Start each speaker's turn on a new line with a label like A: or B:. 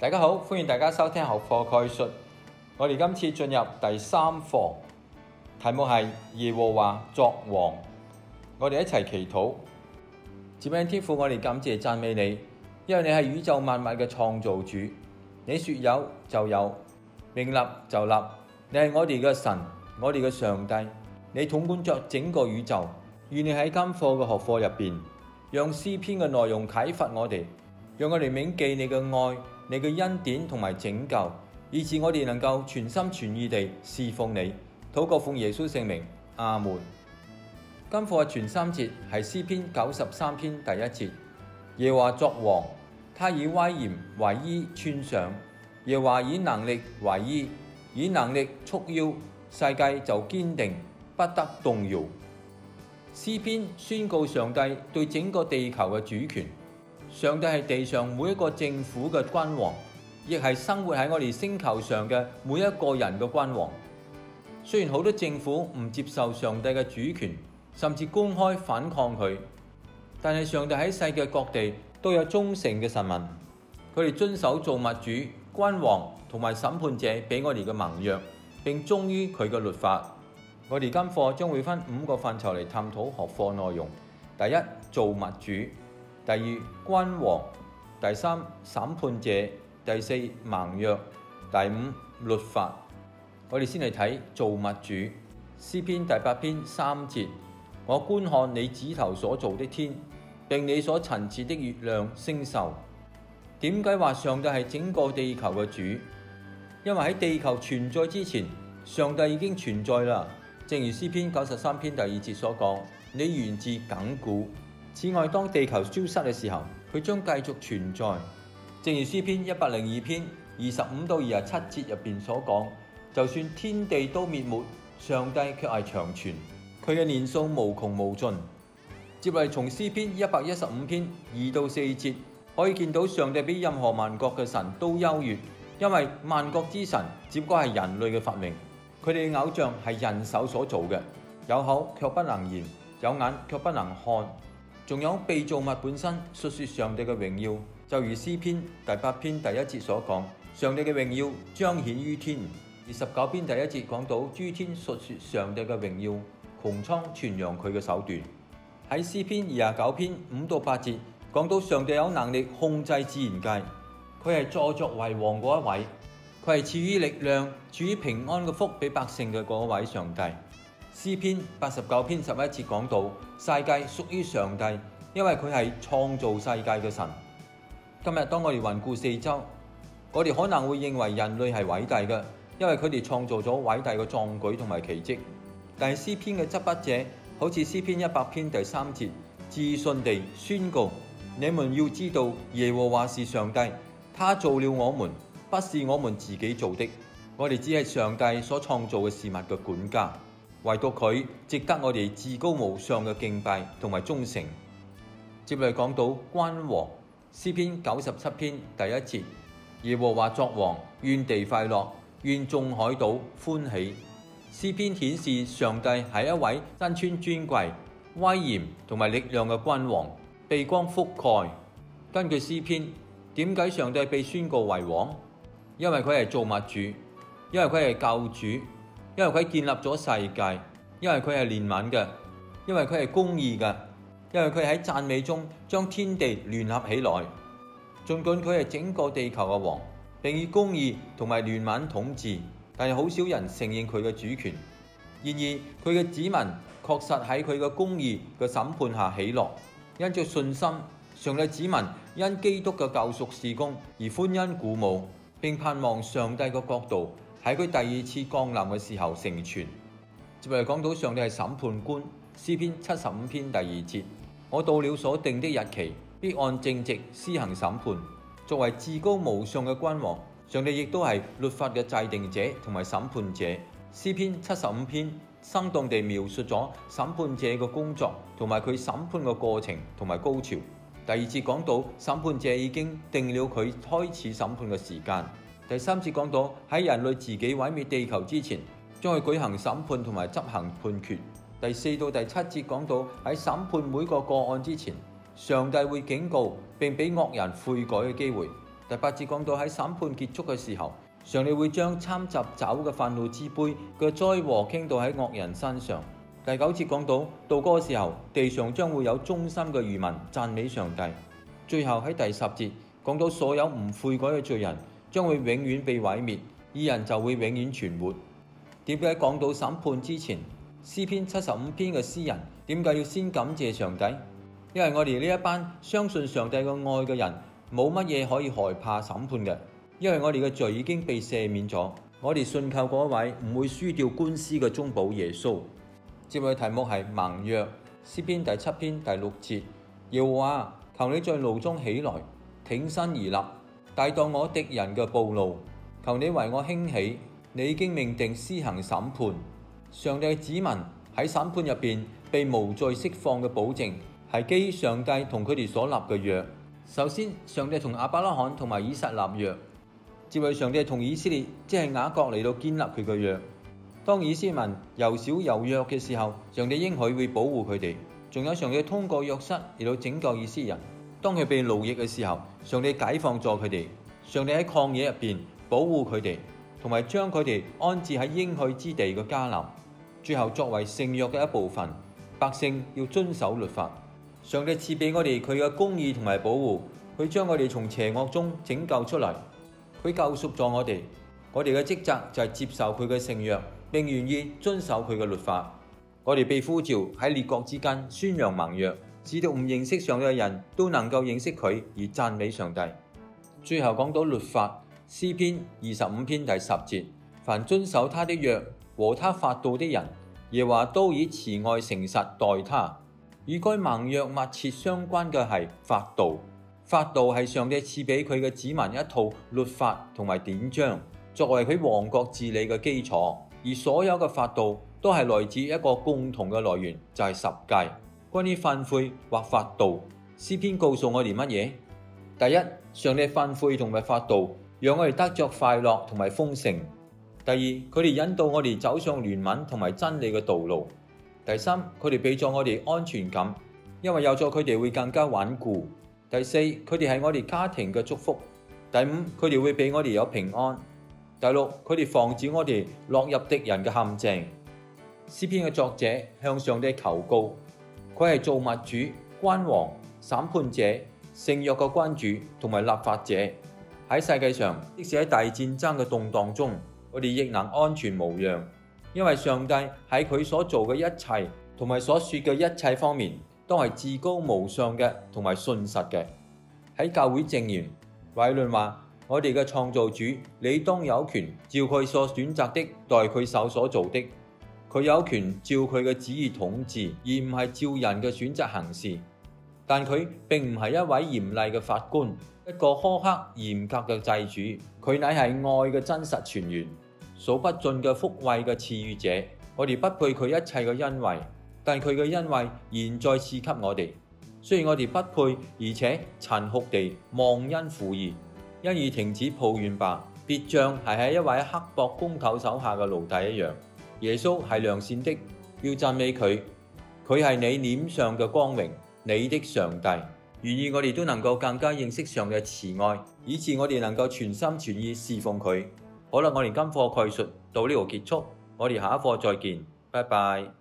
A: 大家好，歡迎大家收聽學課概述。我哋今次進入第三課，題目係耶和華作王。我哋一齊祈禱，賜餅天父，我哋感謝讚美你，因為你係宇宙萬物嘅創造主。你說有就有，命立就立。你係我哋嘅神，我哋嘅上帝。你統管着整個宇宙。願你喺今課嘅學課入邊，用詩篇嘅內容啟發我哋，讓我哋銘記你嘅愛。你嘅恩典同埋拯救，以致我哋能夠全心全意地侍奉你，禱告奉耶穌聖名，阿門。今課嘅前三節係詩篇九十三篇第一節，耶和華作王，他以威嚴為衣穿上，耶和華以能力為衣，以能力束腰，世界就堅定不得動搖。詩篇宣告上帝對整個地球嘅主權。上帝係地上每一個政府嘅君王，亦係生活喺我哋星球上嘅每一個人嘅君王。雖然好多政府唔接受上帝嘅主權，甚至公開反抗佢，但係上帝喺世界各地都有忠誠嘅神民，佢哋遵守造物主、君王同埋審判者俾我哋嘅盟約，並忠於佢嘅律法。我哋今課將會分五個範疇嚟探討學課內容。第一，造物主。第二，君王，第三，審判者，第四，盟約，第五，律法，我哋先嚟睇造物主。詩篇第八篇三節：我觀看你指頭所造的天，並你所陳設的月亮星宿。點解話上帝係整個地球嘅主？因為喺地球存在之前，上帝已經存在啦。正如詩篇九十三篇第二節所講：你源自亙古。此外，當地球消失嘅時候，佢將繼續存在。正如詩篇一百零二篇二十五到二十七節入邊所講，就算天地都滅沒，上帝卻係長存，佢嘅年數無窮無盡。接嚟從詩篇一百一十五篇二到四節可以見到，上帝比任何萬國嘅神都優越，因為萬國之神只不過係人類嘅發明，佢哋嘅偶像係人手所做嘅，有口卻不能言，有眼卻不能看。仲有被造物本身述說上帝嘅榮耀，就如詩篇第八篇第一節所講，上帝嘅榮耀彰顯於天。二十九篇第一節講到諸天述說上帝嘅榮耀，穹蒼傳揚佢嘅手段。喺詩篇二十九篇五到八節講到上帝有能力控制自然界，佢係坐著為王嗰一位，佢係賜予力量、賜予平安嘅福俾百姓嘅嗰位上帝。詩篇八十九篇十一節講到世界屬於上帝，因為佢係創造世界嘅神。今日當我哋環顧四周，我哋可能會認為人類係偉大嘅，因為佢哋創造咗偉大嘅壯舉同埋奇跡。但係詩篇嘅執筆者好似詩篇一百篇第三節，自信地宣告：你們要知道耶和華是上帝，他做了我們，不是我們自己做的。我哋只係上帝所創造嘅事物嘅管家。唯獨佢值得我哋至高無上嘅敬拜同埋忠誠。接嚟講到君王，詩篇九十七篇第一節，耶和華作王，願地快樂，願眾海島歡喜。詩篇顯示上帝係一位身穿尊貴、威嚴同埋力量嘅君王，被光覆蓋。根據詩篇，點解上帝被宣告為王？因為佢係造物主，因為佢係救主。因為佢建立咗世界，因為佢係憐憫嘅，因為佢係公義嘅，因為佢喺讚美中將天地聯合起來。盡管佢係整個地球嘅王，並以公義同埋憐憫統治，但係好少人承認佢嘅主權。然而，佢嘅子民確實喺佢嘅公義嘅審判下起落。因着信心，上帝子民因基督嘅救贖事工而歡欣鼓舞，並盼望上帝嘅國度，喺佢第二次降臨嘅時候成全。接落嚟，講到上帝係審判官，詩篇七十五篇第二節：我到了所定的日期，必按正直施行審判。作為至高無上嘅君王，上帝亦都係律法嘅制定者同埋審判者。詩篇七十五篇生動地描述咗審判者嘅工作同埋佢審判嘅過程同埋高潮。第二節講到審判者已經定了佢開始審判嘅時間。第三節講到喺人類自己毀滅地球之前，將會舉行審判同埋執行判決。第四到第七節講到喺審判每個個案之前，上帝會警告並俾惡人悔改嘅機會。第八節講到喺審判結束嘅時候，上帝會將摻雜酒嘅忿怒之杯嘅災禍傾倒喺惡人身上。第九節講到到嗰個時候，地上將會有忠心嘅餘民讚美上帝。最後喺第十節講到所有唔悔改嘅罪人。將會永遠被毀滅，義人就會永遠存活。點解講到審判之前，詩篇七十五篇嘅詩人點解要先感謝上帝？因為我哋呢一班相信上帝嘅愛嘅人，冇乜嘢可以害怕審判嘅，因為我哋嘅罪已經被赦免咗。我哋信靠嗰一位唔會輸掉官司嘅中保耶穌。接下嘅題目係盟約詩篇第七篇第六節，要話求你在怒中起來，挺身而立。抵擋我敵人嘅暴怒，求你為我興起。你已經命定施行審判。上帝嘅子民喺審判入邊被無罪釋放嘅保證，係基於上帝同佢哋所立嘅約。首先，上帝同亞伯拉罕同埋以撒立約，接來上帝同以色列即係雅各嚟到建立佢嘅約。當以色列民又小又弱嘅時候，上帝應許會，會保護佢哋。仲有上帝通過約瑟嚟到拯救以色列人。當佢被奴役嘅時候，上帝解放咗佢哋；上帝喺曠野入邊保護佢哋，同埋將佢哋安置喺應許之地嘅迦南。最後作為聖約嘅一部分，百姓要遵守律法。上帝賜俾我哋佢嘅公義同埋保護，佢將我哋從邪惡中拯救出嚟，佢救贖咗我哋。我哋嘅職責就係接受佢嘅聖約，並願意遵守佢嘅律法。我哋被呼召喺列國之間宣揚盟約。直到唔認識上帝嘅人都能夠認識佢而讚美上帝。最後講到律法，詩篇二十五篇第十節，凡遵守他的約和他法度的人，耶和華都以慈愛誠實待他。與該盟約密切相關嘅係法度，法度係上帝賜俾佢嘅子民一套律法同埋典章，作為佢王國治理嘅基礎。而所有嘅法度都係來自一個共同嘅來源，就係十戒。關於犯悔或法度，詩篇告訴我哋乜嘢？第一，上帝犯悔同埋法度，讓我哋得着快樂同埋豐盛；第二，佢哋引導我哋走上憐憫同埋真理嘅道路；第三，佢哋俾咗我哋安全感，因為有咗佢哋會更加穩固；第四，佢哋係我哋家庭嘅祝福；第五，佢哋會俾我哋有平安；第六，佢哋防止我哋落入敵人嘅陷阱。詩篇嘅作者向上帝求告。佢係造物主、君王、審判者、聖約嘅君主同埋立法者，喺世界上，即使喺大戰爭嘅動盪中，我哋亦能安全無恙，因為上帝喺佢所做嘅一切同埋所説嘅一切方面都係至高無上嘅同埋信實嘅。喺教會證言，懷倫話：我哋嘅創造主，理當有權照佢所選擇的代佢手所做的。佢有權照佢嘅旨意統治，而唔係照人嘅選擇行事。但佢並唔係一位嚴厲嘅法官，一個苛刻嚴格嘅祭主。佢乃係愛嘅真實泉源，數不盡嘅福惠嘅賜予者。我哋不配佢一切嘅恩惠，但佢嘅恩惠現在賜給我哋。雖然我哋不配，而且殘酷地忘恩負義，因而停止抱怨吧，別像係喺一位刻薄工頭手下嘅奴隸一樣。耶穌係良善的，要讚美佢，佢係你臉上嘅光榮，你的上帝。願意我哋都能夠更加認識上帝嘅慈愛，以至我哋能夠全心全意侍奉佢。好啦，我哋今課概述到呢度結束，我哋下一課再見，拜拜。